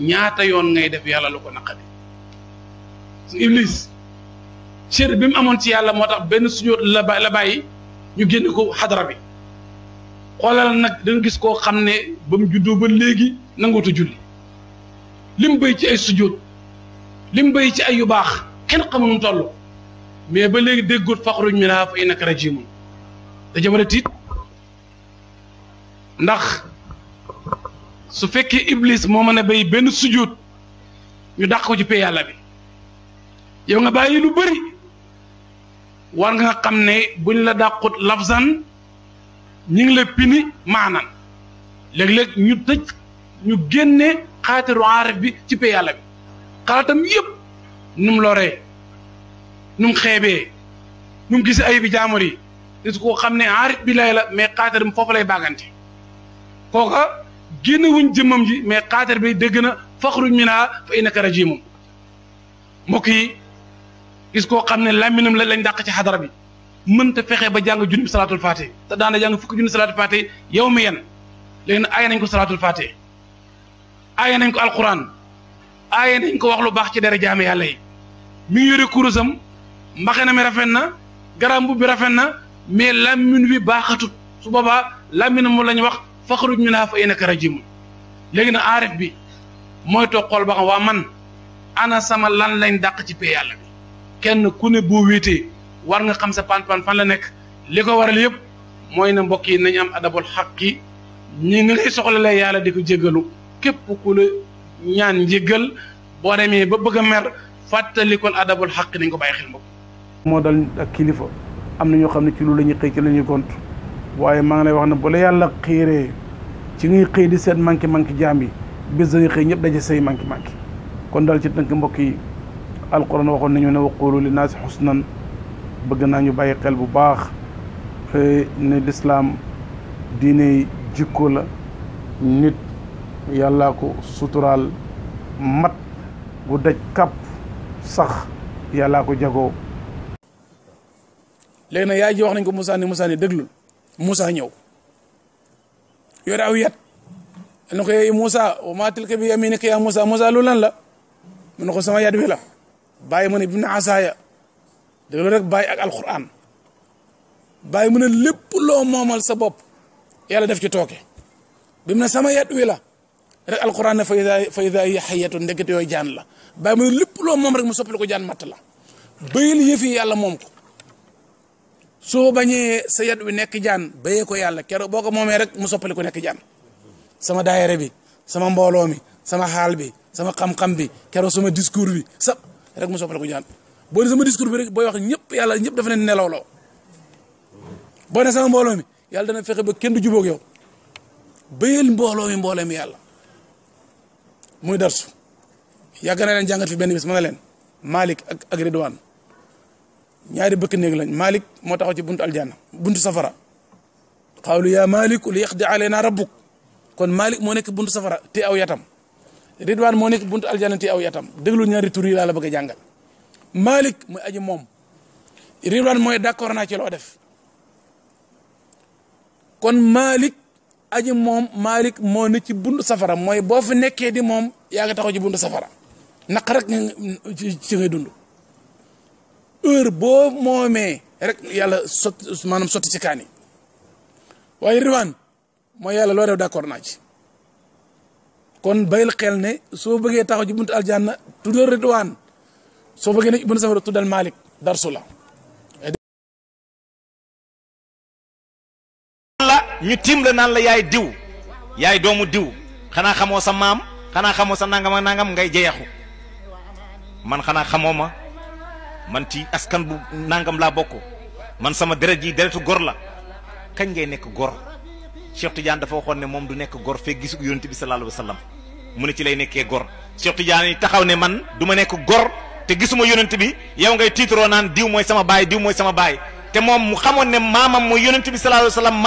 ñaata yoon ngay def yàlla lu ko naqari iblis cër bi mu amoon ci yàlla moo tax benn sujóot la ba la bàyyi ñu génne ko xadara bi xoolal nag dañu gis koo xam ne ba mu juddoo ba léegi nanguutu julli mu béy ci ay sujóot lim béy ci ay yu baax kenn xamul mu toll mais ba léegi déggoot faxruj minhaa fa innaka rajiim te jamono tiit ndax. su fekkee iblis moo mën a béy benn sujjuut ñu dàq ko ci pay yàlla bi yow nga bàyyi lu bëri war nga xam ne buñ la dàqut lafzan ñu ngi la pini maanan léeg-léeg ñu tëj ñu génne xaatiru aarif bi ci pay yàlla bi xalaatam yëpp nu mu loree nu mu xeebee nu mu gisee ay bi jaamur yi xam ne aarif bi lay la mais xaatir mu foofu lay bàggante kooka génn wuñ jëmmam ji mais xaatar bi dégg na faxruj minha fa innaka moom mbokk yi gis koo xam ne làmminam la lañ dàq ci xadara bi mën mënta fexe ba jàng junni salaatul faate te daana jàng fukki junni salaatul faate yow mi yen léegi ay aaye nañ ko salaatul faate aaye nañ ko alquran aaye nañ ko wax lu baax ci dara jaame yàlla yi mi ngi yore kurusam mbaxana mi rafet na garam bu bi rafet na mais làmmin wi baaxatut su boobaa làmminam mu lañ wax faxaruj minha fa innaka rajimun léegi na aarif bi mooy toog xool ba xam waa man ana sama lan lañ daq ci pay yàlla bi kenn ku ne boo wéetee war nga xam sa pan-pan fan la nekk li ko waral yëpp mooy ne mbokk yi nañu am adabul xaqi ñi ngi lay soxla la yàlla di ko jégalu képp ku la ñaan njégal boo demee ba bëgg a mer fàttalikul adabul xaqi nañ ko bàyyi xel mbokk moo dal ak kilifa am na ñoo xam ne ci loolu la ñuy xëy ci la gont waaye maa ngi lay wax na bu yàlla xiiree ci ngay xëy di seet manqué manqué jaam yi bis dañuy xëy ñëpp daje say manqué manqué kon daal ci tënk mbokk yi alquran waxoon nañu ne waqulu li naasi xusnan bëgg naa ñu bàyyi xel bu baax eh, ne lislaam diine jikko la nit yàlla ko suturaal mat gu daj kàpp sax yàllaa ko jagoo léegi nag yaay ji wax nañ ko Moussa ni Moussa ni موسى نيو يراو يات نخي يا موسى وما تلك بيمينك يا موسى موسى لولن لا من سما يد ولا باي من ابن عزايا دغ رك باي اك القران باي من لب لو مومال سا بوب يالا داف سي توكي بمنا سما يد ولا رك القران فاذا فاذا هي حيه نديت يو جان لا باي من لب لو موم رك مو سوبلكو جان مات لا بايل يفي يالا مومكو soo bañee sa yat wi nekk jaan bayee ko yàlla keroog boo ko moomee rek mu soppali ko nekk jaan sama daayere bi sama mbooloo mi sama xaal bi sama xam bi keroog sama discours bi sa rek mu soppali ko jaan boo ne sama discours bi rek booy wax ñëpp yàlla ñëpp dafa ne nelaw loo boo ne sama mbooloo mi yàlla dana fexe ba kenn du jubóog yow bayal mbooloo mi mbooloo mi yàlla muy darsu yàgg na leen jàngat fi benn bis ma ne leen Malick ak ak Ridwan ñaari bëkk néeg lañ Malik moo taxaw ci buntu aljanna buntu safara xaalu yaa Malik li yaqdi alayna rabbuk kon Malik moo nekk buntu safara te aw yatam Ridwan moo nekk buntu aljanna te aw yatam déglu ñaari tur yi laa la bëgg a jàngal Malik muy aji moom Ridwan mooy d'accord na ci loo def kon Malik aji moom Malik moo ne ci buntu safara mooy boo fi nekkee di moom yaa nga taxaw ci buntu safara naq rek ci ngay dund. heure bo momé rek yalla sot manam sot ci kaani waaye riwaan mooy yàlla loo def d' accord naa ci kon bayil xel ne so beugé taxaw ci buntu aljanna tuddal ridwaan so beugé ne ibnu safar tudal malik darsula la ñu tim la nan la yaay diw yaay doomu diw xana xamoo sa mam xana xamoo sa nangam nangam ngay jeexu man xana xamoma man ci askan bu nangam laa bokk man sama deret ji deretu gor la kañ ngay nekk gor Cheikh Tidiane dafa waxoon ne moom du nekk gor fee gisu yonent bi sallallahu alayhi wa sallam mu ne ci lay nekkee gor Cheikh Tidiane yi taxaw ne man du ma nekk gor te gisuma yonent bi yow ngay tiitaroo naan diw mooy sama baay diw mooy sama baay te moom mu xamoon ne maamam mooy yonent bi sallallahu